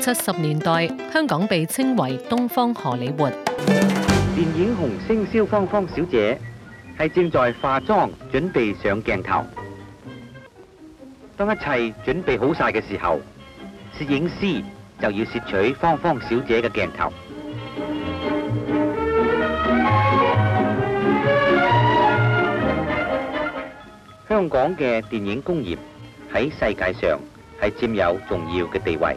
七十年代，香港被稱為東方荷里活。電影紅星蕭芳芳小姐係正在化妝準備上鏡頭。當一切準備好晒嘅時候，攝影師就要攝取芳芳小姐嘅鏡頭。香港嘅電影工業喺世界上係佔有重要嘅地位。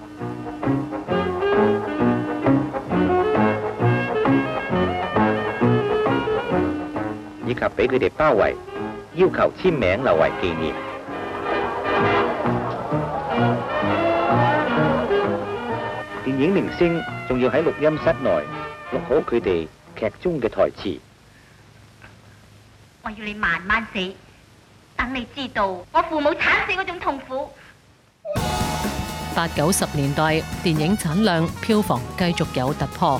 以及俾佢哋包圍，要求簽名留為紀念。電影明星仲要喺錄音室內錄好佢哋劇中嘅台詞。我要你慢慢死，等你知道我父母慘死嗰種痛苦。八九十年代，電影產量、票房繼續有突破。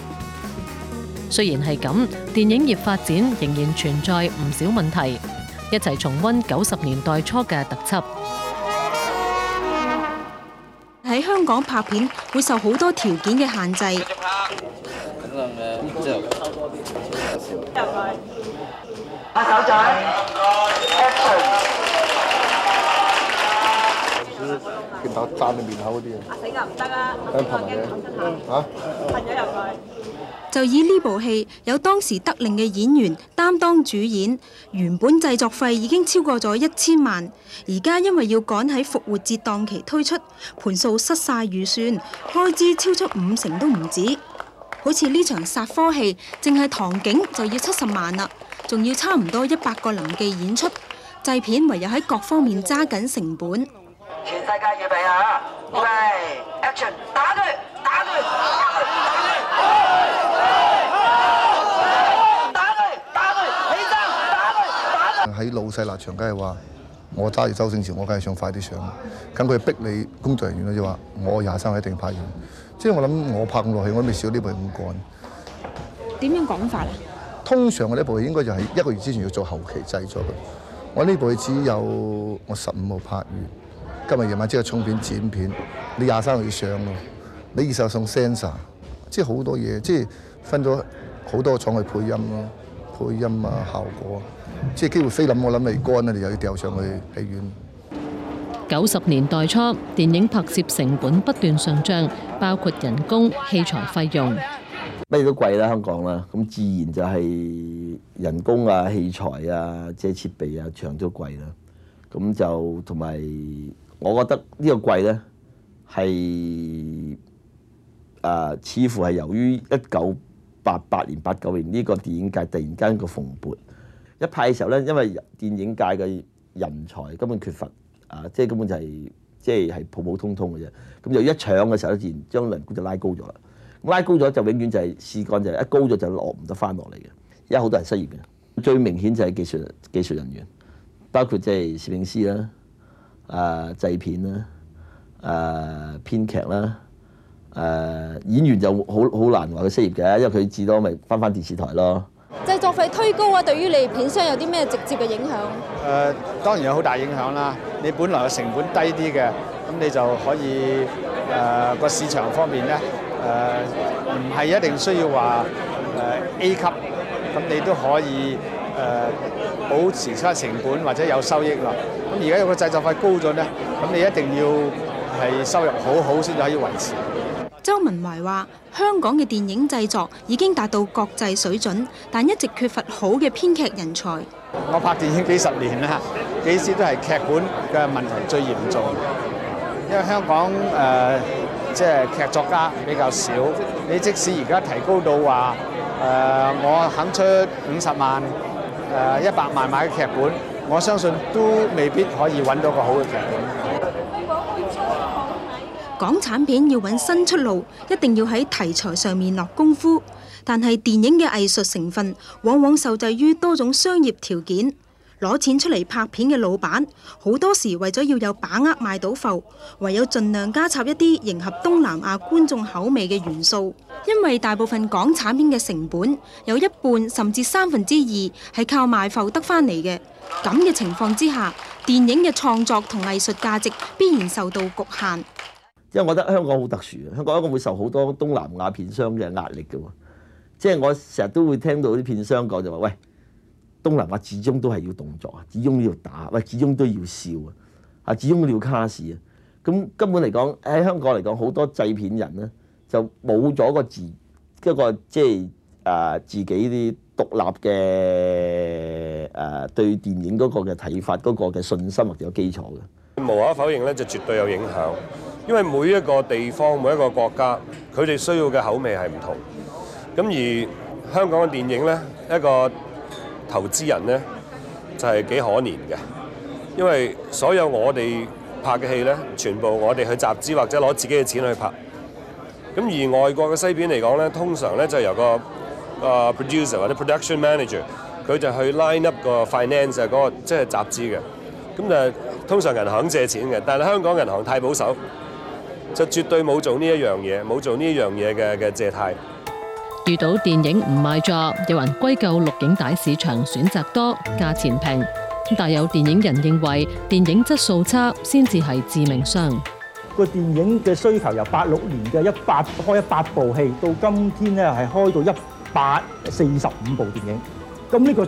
雖然係咁，電影業發展仍然存在唔少問題。一齊重温九十年代初嘅特輯。喺香港拍片會受好多條件嘅限制。阿小仔，阿醒啊，唔得啊，怕驚噴出嚟。嚇？噴咗入去。就以呢部戲有當時得令嘅演員擔當主演，原本製作費已經超過咗一千萬，而家因為要趕喺復活節檔期推出，盤數失晒預算，開支超出五成都唔止。好似呢場殺科戲，淨係唐景就要七十萬啦，仲要差唔多一百個臨記演出，製片唯有喺各方面揸緊成本。全世界預備下，喂，Action，打佢！喺老細立場，梗係話我揸住周星馳，我梗係想快啲上。咁佢逼你工作人員咧就話：我廿三號一定拍完。即係我諗我拍咁耐，我都未少呢部戲咁趕。點樣講法啊？通常我呢部戲應該就係一個月之前要做後期製作嘅。我呢部戲只有我十五號拍完，今日夜晚即刻沖片剪片。你廿三號要上喎，你二十號送 sensor 即係好多嘢，即係分咗好多廠去配音咯。配音啊，效果，即係幾乎菲林，我諗未乾啊，你又要掉上去戲院。九十年代初，電影拍攝成本不斷上漲，包括人工、器材費用。乜嘢都貴啦，香港啦，咁自然就係人工啊、器材啊、即係設備啊，全都貴啦。咁就同埋，我覺得呢個貴咧，係啊，似乎係由於一九八八年、八九年，呢個電影界突然間個蓬勃一派嘅時候咧，因為電影界嘅人才根本缺乏啊，即係根本就係即係係普普通通嘅啫。咁就一搶嘅時候，自然將人工就拉高咗啦。拉高咗就永遠就係試幹，就係一高咗就落唔得翻落嚟嘅。而家好多人失業嘅，最明顯就係技術技術人員，包括即係攝影師啦、啊、啊製片啦、啊、啊編劇啦、啊。誒、呃、演員就好好難話佢失業嘅，因為佢至多咪返返電視台咯。製作費推高啊，對於你片商有啲咩直接嘅影響？誒、呃，當然有好大影響啦。你本來個成本低啲嘅，咁你就可以誒個、呃、市場方面咧，誒唔係一定需要話誒、呃、A 級，咁你都可以誒、呃、保持出成本或者有收益咯。咁而家有個製作費高咗咧，咁你一定要係收入好好先可以維持。周文懷話：香港嘅電影製作已經達到國際水準，但一直缺乏好嘅編劇人才。我拍電影幾十年啦，幾時都係劇本嘅問題最嚴重。因為香港誒，即係劇作家比較少。你即使而家提高到話誒、呃，我肯出五十萬誒一百萬買嘅劇本，我相信都未必可以揾到個好嘅劇本。港產片要揾新出路，一定要喺題材上面落功夫。但係電影嘅藝術成分往往受制於多種商業條件。攞錢出嚟拍片嘅老闆，好多時為咗要有把握賣到埠，唯有盡量加插一啲迎合東南亞觀眾口味嘅元素。因為大部分港產片嘅成本有一半甚至三分之二係靠賣埠得返嚟嘅，咁嘅情況之下，電影嘅創作同藝術價值必然受到局限。因為我覺得香港好特殊啊！香港一個會受好多東南亞片商嘅壓力嘅喎，即係我成日都會聽到啲片商講就話：喂，東南亞始終都係要動作啊，始終要打，喂，始終都要笑啊，啊，始終都要卡士啊。咁根本嚟講，喺香港嚟講，好多製片人咧就冇咗個自一個即係啊自己啲獨立嘅誒、啊、對電影嗰個嘅睇法、嗰個嘅信心或者有基礎嘅。無可否認咧，就絕對有影響。因為每一個地方每一個國家，佢哋需要嘅口味係唔同。咁而香港嘅電影呢，一個投資人呢，就係幾可憐嘅，因為所有我哋拍嘅戲呢，全部我哋去集資或者攞自己嘅錢去拍。咁而外國嘅西片嚟講呢，通常呢就由個啊 producer 或者 production manager 佢就去 line up 個 finance 嗰個即係集資嘅。咁就通常銀行肯借錢嘅，但係香港銀行太保守。就絕對冇做呢一樣嘢，冇做呢樣嘢嘅嘅借貸。遇到電影唔賣座，有人歸咎錄影帶市場選擇多、價錢平。咁但有電影人認為，電影質素差先至係致命傷。個電影嘅需求由八六年嘅一八開一八部戲，到今天呢係開到一百四十五部電影。咁呢個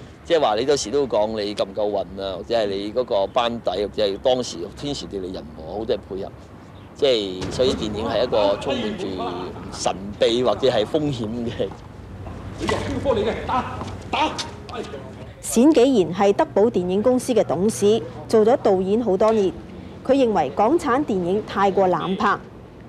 即係話你到時都講你夠唔夠運啊？或者係你嗰個班底，或者係當時天時地利人和好多嘢配合。即係所以電影係一個充滿住神秘或者係風險嘅。你嘅打打。冼杞然係德寶電影公司嘅董事，做咗導演好多年。佢認為港產電影太過冷拍。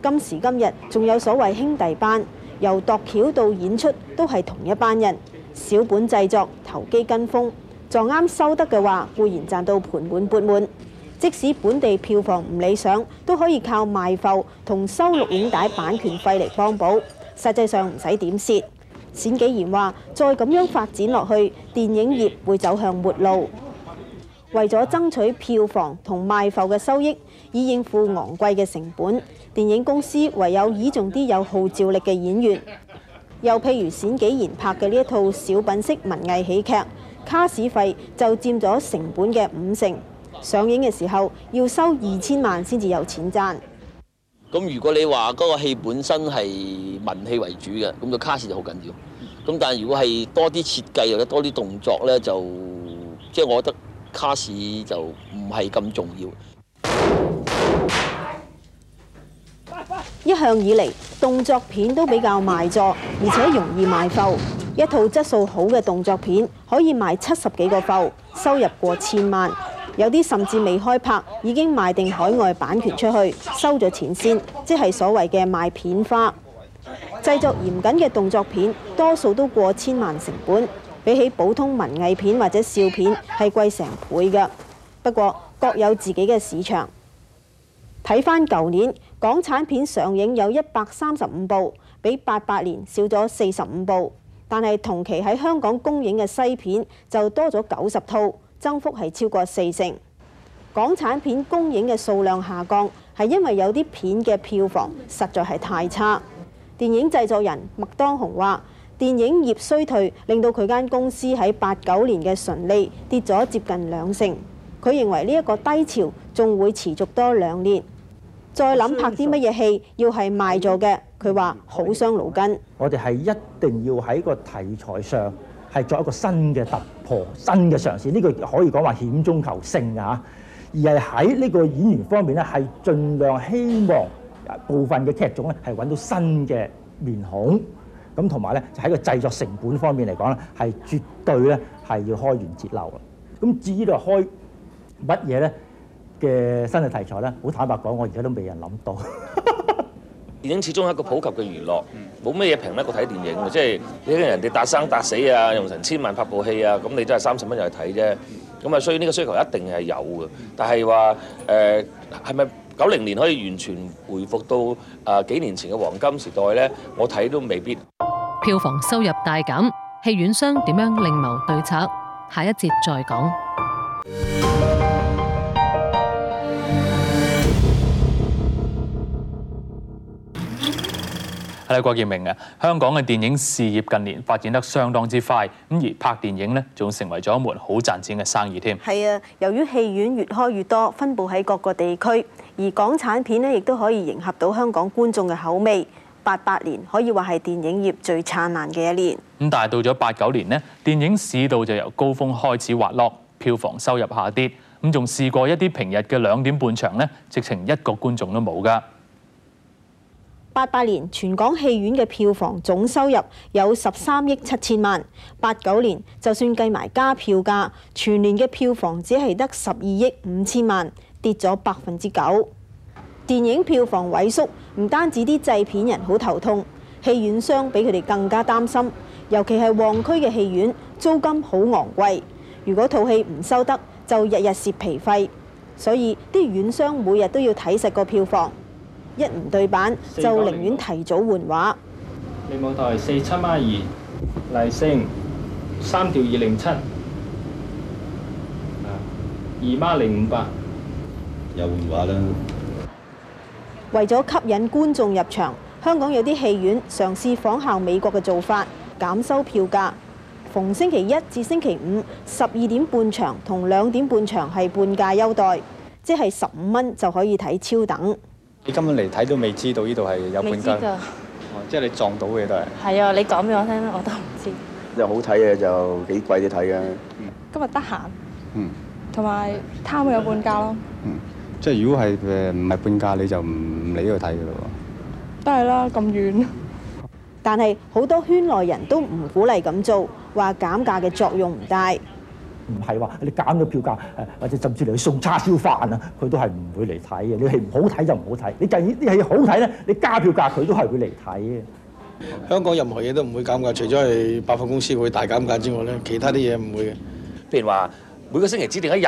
今時今日仲有所謂兄弟班，由度橋到演出都係同一班人。小本製作、投機跟風，撞啱收得嘅話固然賺到盤滿缽滿；即使本地票房唔理想，都可以靠賣埠同收錄影帶版權費嚟幫補。實際上唔使點蝕。冼紀賢話：再咁樣發展落去，電影業會走向末路。為咗爭取票房同賣埠嘅收益，以應付昂貴嘅成本，電影公司唯有倚重啲有號召力嘅演員。又譬如冼杞然拍嘅呢一套小品式文藝喜劇，卡士費就佔咗成本嘅五成。上映嘅時候要收二千萬先至有錢賺。咁如果你話嗰個戲本身係文戲為主嘅，咁個卡士就好緊要。咁但係如果係多啲設計或者多啲動作呢，就即係、就係、我覺得卡士就唔係咁重要。 一向以嚟，動作片都比較賣座，而且容易賣埠。一套質素好嘅動作片可以賣七十幾個埠，收入過千萬。有啲甚至未開拍，已經賣定海外版權出去，收咗錢先，即係所謂嘅賣片花。製作嚴謹嘅動作片，多數都過千萬成本，比起普通文藝片或者笑片係貴成倍嘅。不過各有自己嘅市場。睇返舊年。港產片上映有一百三十五部，比八八年少咗四十五部，但係同期喺香港公映嘅西片就多咗九十套，增幅係超過四成。港產片公映嘅數量下降，係因為有啲片嘅票房實在係太差。電影製作人麥當雄話，電影業衰退令到佢間公司喺八九年嘅純利跌咗接近兩成。佢認為呢一個低潮仲會持續多兩年。再諗拍啲乜嘢戲，要係賣座嘅，佢話好傷腦筋。我哋係一定要喺個題材上係作一個新嘅突破、新嘅嘗試，呢個可以講話險中求勝嘅嚇，而係喺呢個演員方面咧，係盡量希望部分嘅劇種咧係揾到新嘅面孔，咁同埋咧就喺個製作成本方面嚟講咧，係絕對咧係要開源節流啦。咁至於度開乜嘢咧？嘅新嘅題材咧，好坦白講，我而家都未人諗到。電影始終係一個普及嘅娛樂，冇咩嘢平得過睇電影啊！即係你人哋搭生搭死啊，用成千萬拍部戲啊，咁你都係三十蚊入去睇啫。咁啊，所以呢個需求一定係有嘅。但係話誒，係咪九零年可以完全回復到誒幾年前嘅黃金時代咧？我睇都未必。票房收入大減，戲院商點樣另謀對策？下一節再講。啊、郭建明嘅、啊、香港嘅電影事業近年發展得相當之快，咁而拍電影咧，仲成為咗一門好賺錢嘅生意添。係啊，由於戲院越開越多，分佈喺各個地區，而港產片咧亦都可以迎合到香港觀眾嘅口味。八八年可以話係電影業最燦爛嘅一年。咁但係到咗八九年咧，電影市道就由高峰開始滑落，票房收入下跌。咁仲試過一啲平日嘅兩點半場咧，直情一個觀眾都冇㗎。八八年全港戲院嘅票房總收入有十三億七千萬，八九年就算計埋加票價，全年嘅票房只係得十二億五千萬，跌咗百分之九。電影票房萎縮，唔單止啲製片人好頭痛，戲院商比佢哋更加擔心。尤其係旺區嘅戲院，租金好昂貴，如果套戲唔收得，就日日蝕皮費。所以啲院商每日都要睇實個票房。一唔對版就寧願提早換畫。你舞台四七孖二麗聲、三調二零七二孖零五八，又換畫啦。為咗吸引觀眾入場，香港有啲戲院嘗試仿效美國嘅做法，減收票價。逢星期一至星期五十二點半場同兩點半場係半價優待，即係十五蚊就可以睇超等。你根本嚟睇都未知道呢度係有半價，哦，即係你撞到嘅都係。係啊，你講俾我聽啦，我都唔知。即係好睇嘅就幾貴啲睇嘅。今日得閒。嗯。同埋貪佢有半價咯。嗯，即係如果係誒唔係半價，你就唔理呢度睇嘅咯。都係啦，咁遠。但係好多圈內人都唔鼓勵咁做，話減價嘅作用唔大。唔係話你減咗票價，或者甚至你去送叉燒飯啊，佢都係唔會嚟睇嘅。你戲唔好睇就唔好睇，你陣呢啲戲好睇咧，你加票價佢都係會嚟睇嘅。香港任何嘢都唔會減價，除咗係百貨公司會大減價之外咧，其他啲嘢唔會嘅。譬如話每個星期指定一日，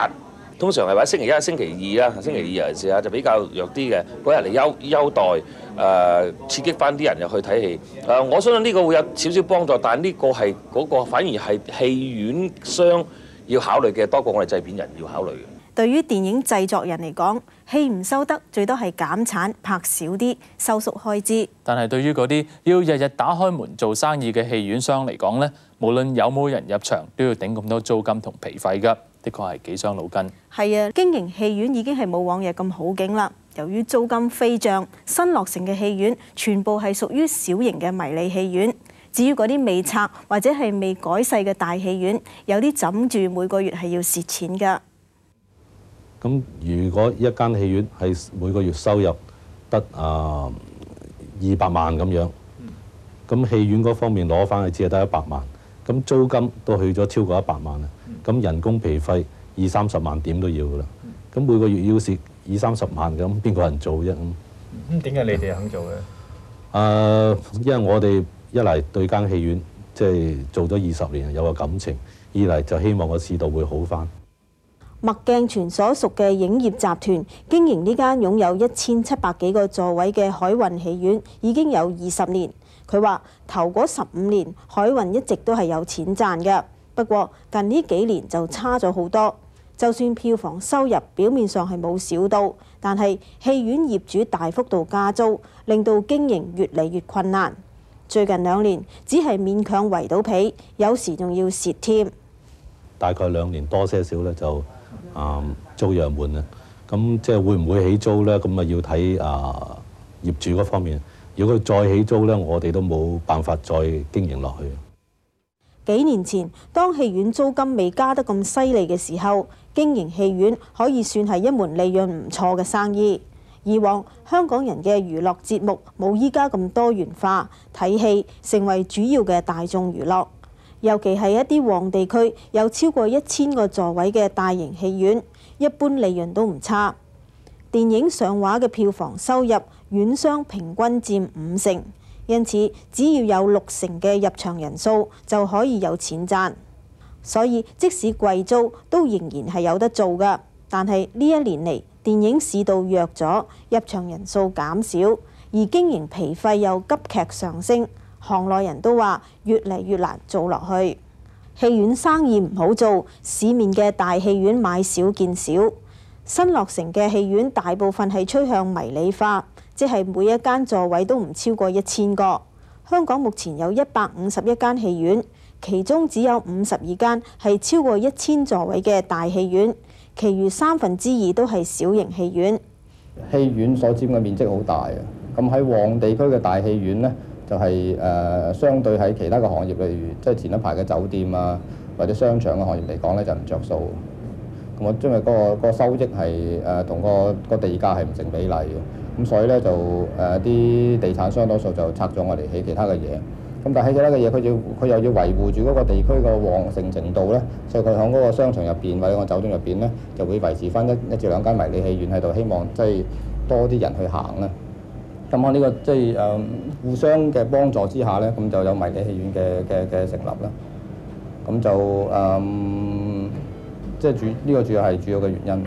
通常係話星期一、星期二啦、星期二嚟試下就比較弱啲嘅嗰日嚟優優待誒刺激翻啲人入去睇戲誒。我相信呢個會有少少幫助，但係呢個係嗰個反而係戲院商。要考慮嘅多過我哋製片人要考慮嘅。對於電影製作人嚟講，戲唔收得，最多係減產拍少啲，收縮開支。但係對於嗰啲要日日打開門做生意嘅戲院商嚟講呢，無論有冇人入場，都要頂咁多租金同皮費㗎，的確係幾傷腦筋。係啊，經營戲院已經係冇往日咁好景啦。由於租金飛漲，新落成嘅戲院全部係屬於小型嘅迷你戲院。至於嗰啲未拆或者係未改細嘅大戲院，有啲枕住每個月係要蝕錢噶。咁如果一間戲院係每個月收入得啊二百萬咁樣，咁、嗯、戲院嗰方面攞翻去只係得一百萬，咁租金都去咗超過一百萬啦。咁、嗯、人工皮費二三十萬點都要噶啦。咁、嗯、每個月要蝕二三十萬，咁邊個人做啫？咁點解你哋肯做嘅？誒、呃，因為我哋。一嚟對間戲院即係、就是、做咗二十年，有個感情；二嚟就希望個市道會好返。麥鏡泉所屬嘅影業集團經營呢間擁有一千七百幾個座位嘅海運戲院已經有二十年。佢話頭嗰十五年海運一直都係有錢賺嘅，不過近呢幾年就差咗好多。就算票房收入表面上係冇少到，但係戲院業主大幅度加租，令到經營越嚟越困難。最近兩年只係勉強維到皮，有時仲要蝕添。大概兩年多些少咧，就啊租約滿啊。咁即係會唔會起租咧？咁啊要睇啊業主嗰方面。如果佢再起租咧，我哋都冇辦法再經營落去。幾年前，當戲院租金未加得咁犀利嘅時候，經營戲院可以算係一門利潤唔錯嘅生意。以往香港人嘅娛樂節目冇依家咁多元化，睇戲成為主要嘅大眾娛樂。尤其係一啲旺地區有超過一千個座位嘅大型戲院，一般利潤都唔差。電影上畫嘅票房收入，院商平均佔五成，因此只要有六成嘅入場人數就可以有錢賺。所以即使貴租都仍然係有得做㗎。但係呢一年嚟，電影市道弱咗，入場人數減少，而經營疲費又急劇上升，行內人都話越嚟越難做落去。戲院生意唔好做，市面嘅大戲院買少見少。新落成嘅戲院大部分係趨向迷你化，即係每一間座位都唔超過一千個。香港目前有一百五十一間戲院，其中只有五十二間係超過一千座位嘅大戲院。其餘三分之二都係小型戲院。戲院所佔嘅面積好大啊！咁喺旺地區嘅大戲院呢，就係、是、誒、呃、相對喺其他嘅行業，例如即係前一排嘅酒店啊，或者商場嘅行業嚟講呢就唔着數。咁我因為嗰、那個那個收益係誒同個、那個地價係唔成比例嘅，咁所以呢，就誒啲、呃、地產商多數就拆咗我哋起其他嘅嘢。咁但係起呢個嘢，佢要佢又要維護住嗰個地區個旺盛程度咧，所以佢喺嗰個商場入邊或者個酒店入邊咧，就會維持翻一一至兩間迷你戲院喺度，希望即係多啲人去行啦。咁我呢個即係、嗯、互相嘅幫助之下咧，咁就有迷你戲院嘅嘅嘅成立啦。咁就誒，即、嗯、係、就是、主呢、呢個主要係主要嘅原因。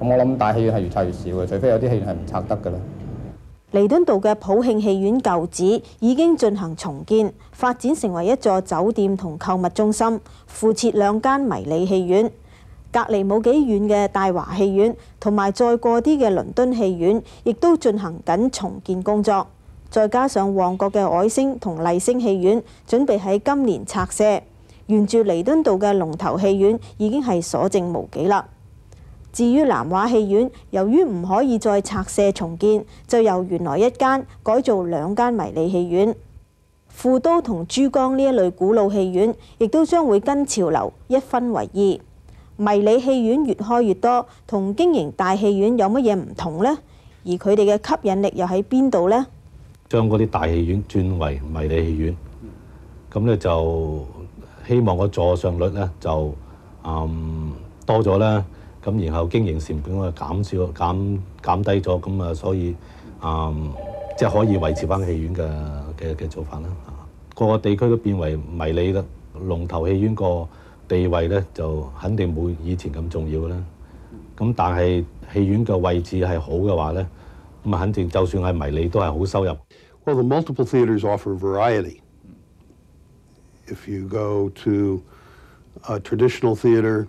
咁我諗大戲院係越拆越少嘅，除非有啲戲院係唔拆得㗎啦。彌敦道嘅普慶戲院舊址已經進行重建，發展成為一座酒店同購物中心，附設兩間迷你戲院。隔籬冇幾遠嘅大華戲院同埋再過啲嘅倫敦戲院，亦都進行緊重建工作。再加上旺角嘅凱聲同麗聲戲院，準備喺今年拆卸。沿住彌敦道嘅龍頭戲院，已經係所剩無幾啦。至於南華戲院，由於唔可以再拆卸重建，就由原來一間改做兩間迷你戲院。富都同珠江呢一類古老戲院，亦都將會跟潮流一分為二。迷你戲院越開越多，同經營大戲院有乜嘢唔同呢？而佢哋嘅吸引力又喺邊度呢？將嗰啲大戲院轉為迷你戲院，咁咧就希望個座上率咧就、嗯、多咗啦。咁然後經營成本啊，減少減減低咗，咁啊所以啊即係可以維持翻戲院嘅嘅嘅做法啦。個個地區都變為迷你啦，龍頭戲院個地位咧就肯定冇以前咁重要啦。咁但係戲院嘅位置係好嘅話咧，咁啊肯定就算係迷你都係好收入。Well, the multiple theaters offer variety. If you go to a traditional theater,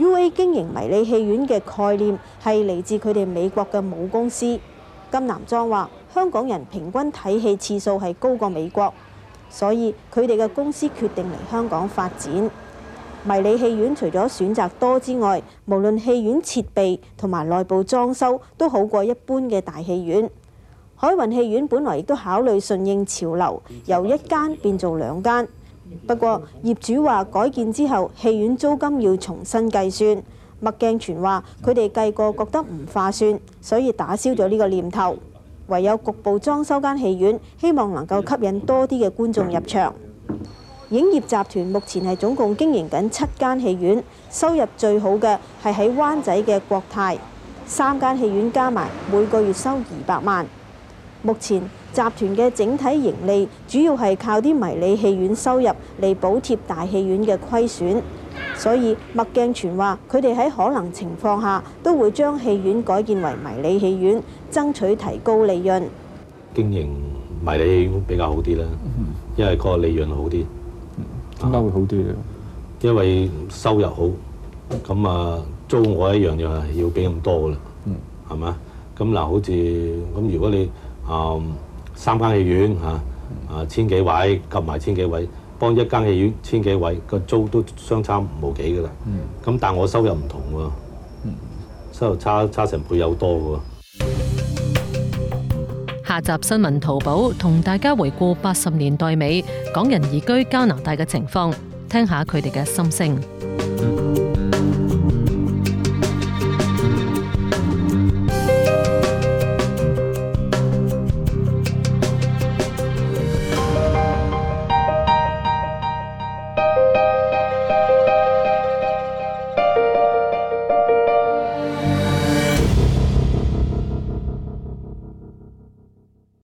UA 經營迷你戲院嘅概念係嚟自佢哋美國嘅母公司金南莊話：香港人平均睇戲次數係高過美國，所以佢哋嘅公司決定嚟香港發展迷你戲院。除咗選擇多之外，無論戲院設備同埋內部裝修都好過一般嘅大戲院。海運戲院本來亦都考慮順應潮流，由一間變做兩間。不過業主話改建之後戲院租金要重新計算，麥鏡全話佢哋計過覺得唔劃算，所以打消咗呢個念頭，唯有局部裝修間戲院，希望能夠吸引多啲嘅觀眾入場。影業集團目前係總共經營緊七間戲院，收入最好嘅係喺灣仔嘅國泰三間戲院加埋每個月收二百萬，目前。集團嘅整體盈利主要係靠啲迷你戲院收入嚟補貼大戲院嘅虧損，所以麥鏡全話佢哋喺可能情況下都會將戲院改建為迷你戲院，爭取提高利潤。經營迷你戲院比較好啲啦，因為個利潤好啲。點解會好啲啊？因為收入好，咁啊租我一樣又係要俾咁多噶啦，係咪啊？咁嗱，好似咁如果你啊～三間戲院嚇，啊千幾位，夾埋千幾位，幫一間戲院千幾位，個租都相差冇幾㗎喇。咁但我收入唔同喎，收入差差成倍有多喎。下集新聞掏寶，同大家回顧八十年代尾港人移居加拿大嘅情況，聽下佢哋嘅心聲。